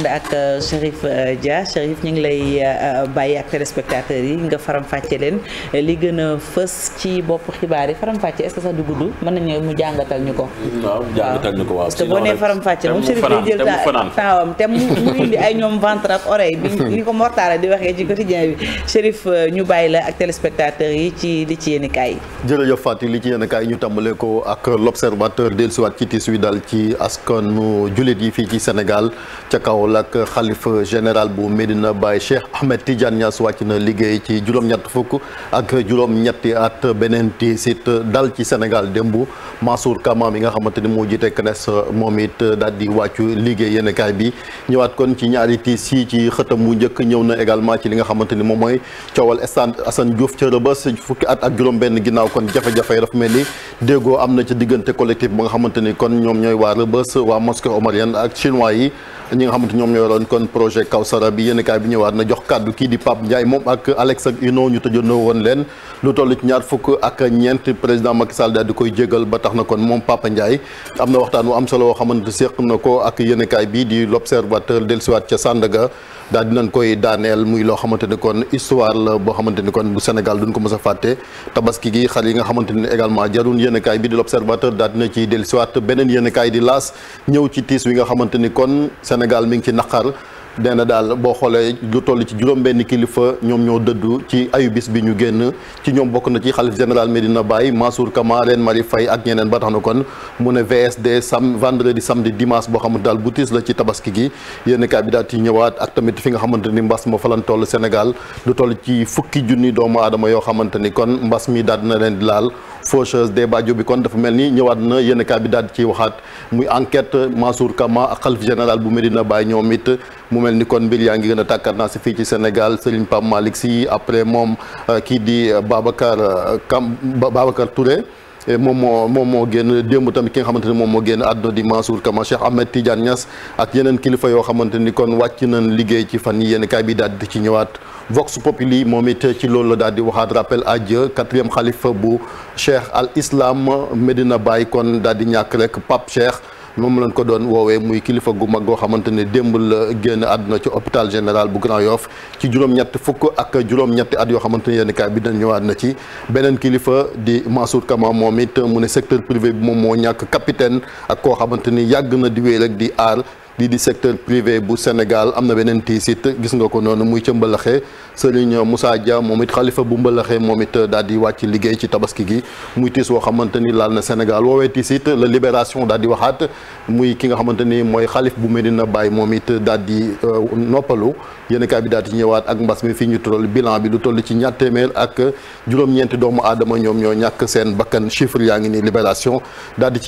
ànd ak euh, Chérif euh, Dia Chérif ñu ngi lay euh, bàyyi ak téléspectateurs yi nga faram fàcce leen li gën a fës ci bopp xibaar yi faram fàcce est-ce que sax du gudd mën nañu mu jàngatal ñu ko. waaw jàngatal ko waaw. parce que boo nee faram fàcce moom Chérif day jël taawam te mu indi ay ñoom ventre ak oreille bi ni ko Mortala di waxee ci quotidien bi Chérif ñu bàyyi la ak téléspectateurs yi ci li ci yéen kaay. jërëjëf Fatou li ci yéen kaay ñu tàmbalee ko ak l'observateur dellusiwaat ci tiis wi daal ci askanu jullit yi fii ci Sénégal ca kaw Kaolack xalifa général bu Medina Baye Cheikh Ahmed Tidiane Niass wàcc na liggéey ci juróom-ñett fukk ak juróom-ñetti at beneen tiisit dal ci Sénégal démb Mansour Kama mi nga xamante ni moo jiite CNES moom it dal di wàccu liggéey yéen kaay bi ñëwaat kon ci ñaari tiis yi ci xëtam mu njëkk ñëw na également ci li nga xamante ni moom mooy coowal stade Assane Diouf ca Rebeuss fukki at ak juróom-benn ginnaaw kon jafe-jafe yi dafa mel ni déggoo am na ca diggante collectif ba nga xamante ni kon ñoom ñooy waa Rebeuss waa mosquée omarienne ak chinois yi ñi nga xamante ñoom ñoo yoroon kon projet Kawsara bi yéen kaay bi ñëwaat na jox kàddu kii di Pape Ndiaye moom ak Alex ak Uno ñu tëjandoo woon leen lu toll ci ñaar fukk ak ñeent président Macky Sall di koy jégal ba tax na kon moom Papa Ndiaye am na waxtaan wu am solo woo xamante séq na ko ak yéen kaay bi di l'observateur dellusiwaat ca Sandaga daal di koy daaneel muy loo xamante ni kon histoire la boo xamante ni kon bu Sénégal duñ ko mës a fàtte tabaski gi xar yi nga xamante ni également jarun kaay bi di l'observateur daal dina ciy dellusiwaat beneen yéenekaay di laas ñëw ci tiis wi nga xamante ni kon Sénégal mi ngi ci naqar nee na daal boo xoolee lu toll ci juróom-benn kilifa ñoom ñoo dëddu ci ayubis bi ñu génn ci ñoom bokk na ci xalif général Medina Baye Mansour Kama leen Marie Faye ak ñeneen ba tax na kon mu ne VSD sam vendredi samedi dimanche boo xamante daal bu tiis la ci tabaski gi yéen kaay bi daal ci ñëwaat ak tamit fi nga xamante ni mbas falan toll Sénégal lu toll ci fukki junni doomu aadama yoo xamante ni kon mbas mi daal dina leen di laal faucheuse des bajo bi kon dafa mel ni ñëwaat na yéen kaay bi daal ci waxaat muy enquête Mansour Kama ak xalif général bu Medina Baye ñoom it mu mel ni kon mbir yaa ngi gën a tàkkat si fii ci Sénégal Serigne Pape Malick Sy après moom euh, kii di euh, Babacar euh, Kam Babacar Touré moom moo moom moo génn démb tamit ki nga xamante ni moom moo génn àdduna di Mansour Kama Cheikh Ahmed Tidiane Niass ak yeneen kilifa yoo xamante ni kon wàcc nañ liggéey ci fan yi yéen kaay bi daal di ci ñëwaat Vox Populi moom it ci loolu la daal di waxaat rappel à Dieu quatrième xalifa bu Cheikh al Islam Medina Baye kon daal di ñàkk rek Pape Cheikh. moom lañ ko doon woowee muy kilifa gu mag goo xamante ne démb la génn àdduna ci hôpital général bu Grand Yoff ci juróom-ñett fukk ak juróom-ñetti at yoo xamante ne yenn kaay bi dañ ñëwaat na ci beneen kilifa di Mansour Kama moom it mu ne secteur privé bi moom moo ñàkk capitaine ak ko xamante ni yàgg na di wéy rek di aar lii di secteur privé bu Sénégal am na beneen it gis nga ko noonu muy ca mbalaxe Serigne Moussa Dia moom it xalifa bu mbalaxe moom it daal di wàcc liggéey ci tabaski gi muy tiis woo xamante ni laal na Sénégal woowee tiisit la libération daal di waxaat muy ki nga xamante ni mooy xalif bu Medina Baye moom it daal di euh, noppalu yéen kaay bi daal di ñëwaat ak mbas mi fii ñu toll bilan bi du toll ci ñaar téeméer ak juróom-ñeenti doomu aadama ñoom ñoo ñàkk seen bakkan chiffre yaa ngi ni libération daal di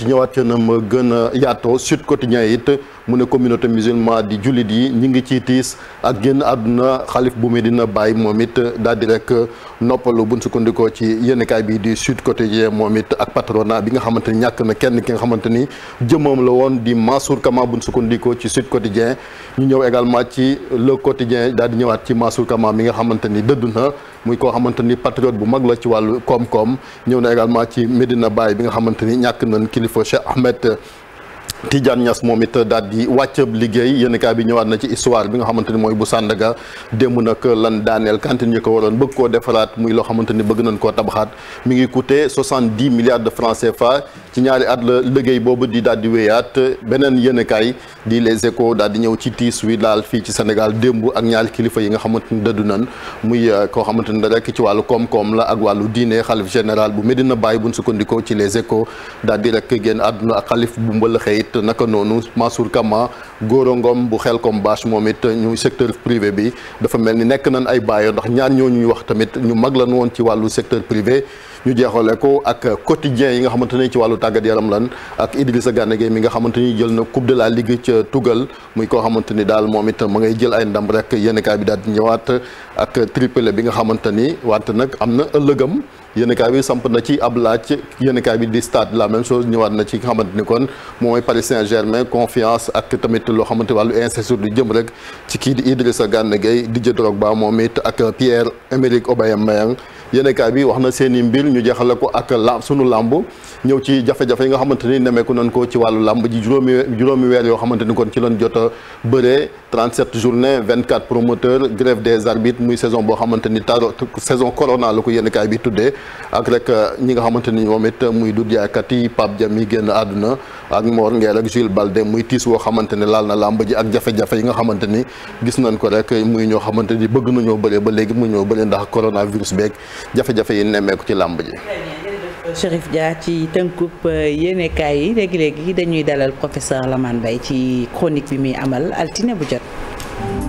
a communauté musulman di jullit yi ñu ngi ci tiis ak génn àdduna xalif bu Medina Baye moom it daal di rek noppalu bun sukkandikoo ci yéenekaay bii di Sud Quotidien moom it ak patronat bi nga xamante ni ñàkk na kenn ki nga xamante ni jëmmam la woon di Mansour Kama buñ sukkandikoo ci Sud Quotidien ñu ñëw également ci Le Quotidien daal di ñëwaat ci Mansour Kama mi nga xamante ni dëdd na muy koo xamante ni patriote bu mag la ci wàllu koom-koom ñëw na également ci Medina Baye bi nga xamante ni ñàkk nañ kilifa Cheikh Ahmed Tidiane Niass moom it daal di wàccab liggéey yéen kaay bi ñëwaat na ci histoire bi nga xamante ni mooy bu Sandaga démb nag lan daaneel cantine yi ko waroon bëgg koo defaraat muy loo xamante ni bëgg nañ koo tabaxaat mi ngi coûté soixante-dix milliards de francs fa ci ñaari at la liggéey boobu di daal di wéyaat beneen yéenekaay di les échos daal di ñëw ci tiis wi daal fii ci Sénégal démb ak ñaari kilifa yi nga xamante ni dëddu nan muy euh, koo xamante ni rek ci wàllu koom-koom la ak wàllu diine xalif général bu Medina Baye bu ñu sukkandikoo ci les échos daal di rek génn àdduna ak xalif bu mbëla xëyit naka noonu Mansour Kama Gora ngoom bu xel Xelkom baas moom it ñu secteur privé bi dafa mel ni nekk nañ ay bàyyi ndax ñaar ñoo ñuy wax tamit ñu mag lan woon ci wàllu secteur privé ñu jeexale ko ak quotidien yi nga xamante ne ci wàllu tàggat yaram lan ak Idrissa Gana Gueye mi nga xamante ni jël na coupe de la ligue ca Tugal muy koo xamante ni daal moom it mu ngay jël ay ndam rek yenn kaay bi daal ñëwaat ak triple bi nga xamante ni wante nag am na ëllëgam yéenekaay bi samp na ci ab laaj yéenekaay bi di stade la même chose ñëwaat na ci nga xamante ni kon mooy Paris Saint-Germain confiance ak tamit loo xamante wàllu incertitude du jëm rek ci kii di Idrissa Gana Gueye Didier Drogba moom it ak Pierre-Emerick Aubameyang yéenekaay bi wax na seeni i mbir ñu jeexale ko ak la sunu làmb ñëw ci jafe-jafe yi nga xamante ni nemeeku nañ ko ci wàllu làmb ji juróomi juróomi weer yoo xamante ni kon ci lañ jot a bëree 37 journée 24 promoteurs grève des arbitres muy saison boo xamante ni taro saison corona la ko yéenekaay bi tuddee ak rek ñi nga xamante ni moom it muy dut yaaykat yi Pape Diam yi génn àdduna ak moor Ngeer ak Jules Balde muy tiis woo xamante ne laal na làmb ji ak jafe yi nga xamante ni gis nañ ko rek muy ñoo xamante ni bëgg nañoo bëree ba léegi mu ñoo bëree ndax coronavirus beeg jafe-jafe yi nemmeeku ci làmb ji. Chérif Dia ci tënkub euh, yéenekaay yi léegi léegi dañuy dalal professeur Lamane Mbaye ci chronique bi muy amal altine bu jot.